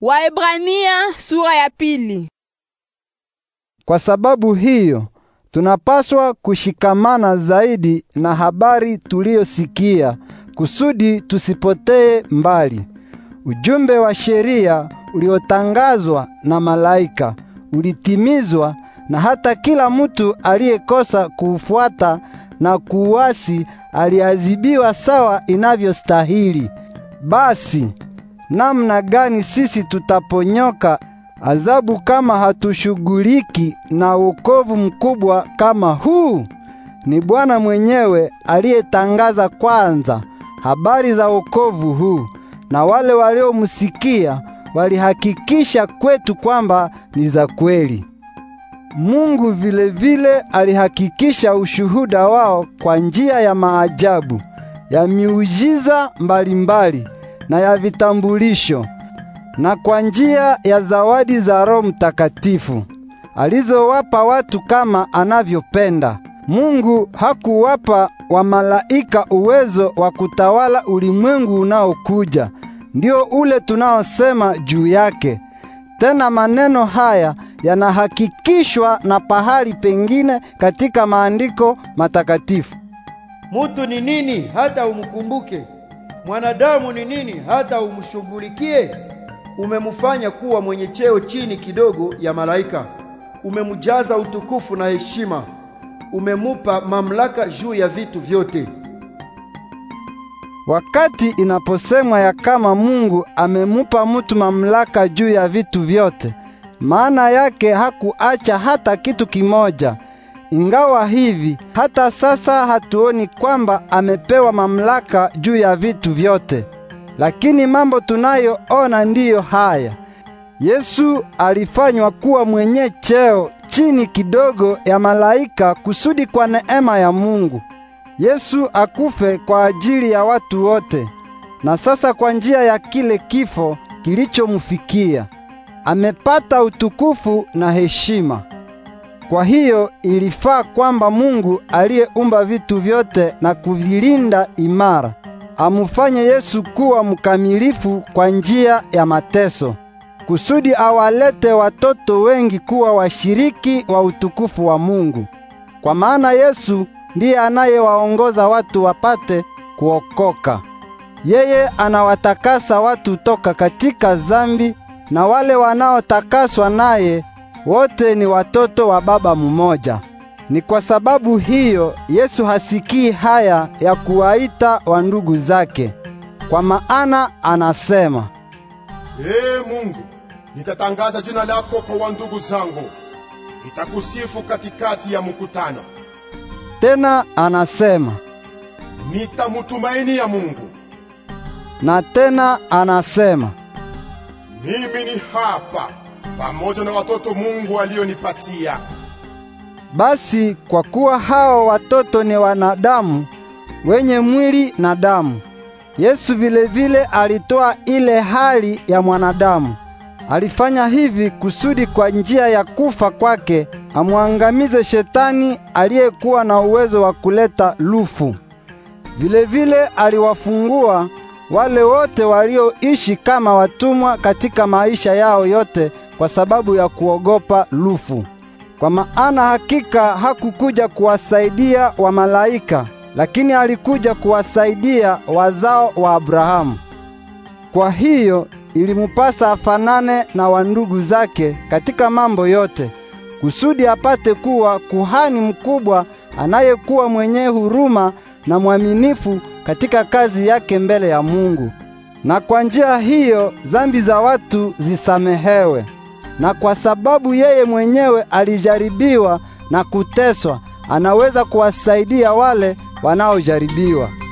Waebrania sura ya pili. Kwa sababu hiyo tunapaswa kushikamana zaidi na habari tuliyosikia kusudi tusipotee mbali. Ujumbe wa sheria uliotangazwa na malaika ulitimizwa na hata kila mtu aliyekosa kuufuata na kuuasi aliadhibiwa sawa inavyostahili. Basi namna gani sisi tutaponyoka adhabu kama hatushughuliki na wokovu mkubwa kama huu? Ni Bwana mwenyewe aliyetangaza kwanza habari za wokovu huu, na wale waliomsikia walihakikisha kwetu kwamba ni za kweli. Mungu vile vile alihakikisha ushuhuda wao kwa njia ya maajabu ya miujiza mbalimbali na ya vitambulisho na kwa njia ya zawadi za Roho Mtakatifu alizowapa watu kama anavyopenda. Mungu hakuwapa wa malaika uwezo wa kutawala ulimwengu unaokuja, ndio ule tunaosema juu yake. Tena maneno haya yanahakikishwa na pahali pengine katika maandiko matakatifu, mutu ni nini hata umkumbuke? mwanadamu ni nini hata umshughulikie? Umemfanya kuwa mwenye cheo chini kidogo ya malaika, umemjaza utukufu na heshima, umemupa mamlaka juu ya vitu vyote. Wakati inaposemwa ya kama Mungu amemupa mutu mamlaka juu ya vitu vyote, maana yake hakuacha hata kitu kimoja ingawa hivi hata sasa hatuoni kwamba amepewa mamlaka juu ya vitu vyote, lakini mambo tunayoona ndiyo haya: Yesu alifanywa kuwa mwenye cheo chini kidogo ya malaika kusudi kwa neema ya Mungu Yesu akufe kwa ajili ya watu wote, na sasa kwa njia ya kile kifo kilichomfikia amepata utukufu na heshima. Kwa hiyo ilifaa kwamba Mungu aliyeumba vitu vyote na kuvilinda imara amufanye Yesu kuwa mkamilifu kwa njia ya mateso, kusudi awalete watoto wengi kuwa washiriki wa utukufu wa Mungu. Kwa maana Yesu ndiye anayewaongoza watu wapate kuokoka. Yeye anawatakasa watu toka katika zambi na wale wanaotakaswa naye wote ni watoto wa baba mmoja. Ni kwa sababu hiyo Yesu hasikii haya ya kuwaita wa ndugu zake, kwa maana anasema, Ee Mungu, nitatangaza jina lako kwa wandugu zangu, nitakusifu katikati ya mkutano. Tena anasema, nitamutumainia Mungu. Na tena anasema, mimi ni hapa pamoja na watoto Mungu alionipatia. Basi kwa kuwa hao watoto ni wanadamu wenye mwili na damu, Yesu vilevile alitoa ile hali ya mwanadamu. Alifanya hivi kusudi kwa njia ya kufa kwake amwangamize shetani aliyekuwa na uwezo wa kuleta lufu. Vilevile aliwafungua wale wote walioishi kama watumwa katika maisha yao yote kwa sababu ya kuogopa lufu. Kwa maana hakika hakukuja kuwasaidia wamalaika, lakini alikuja kuwasaidia wazao wa Abrahamu. Kwa hiyo ilimupasa afanane na wandugu zake katika mambo yote, kusudi apate kuwa kuhani mkubwa anayekuwa mwenye huruma na mwaminifu katika kazi yake mbele ya Mungu. Na kwa njia hiyo zambi za watu zisamehewe na kwa sababu yeye mwenyewe alijaribiwa na kuteswa, anaweza kuwasaidia wale wanaojaribiwa.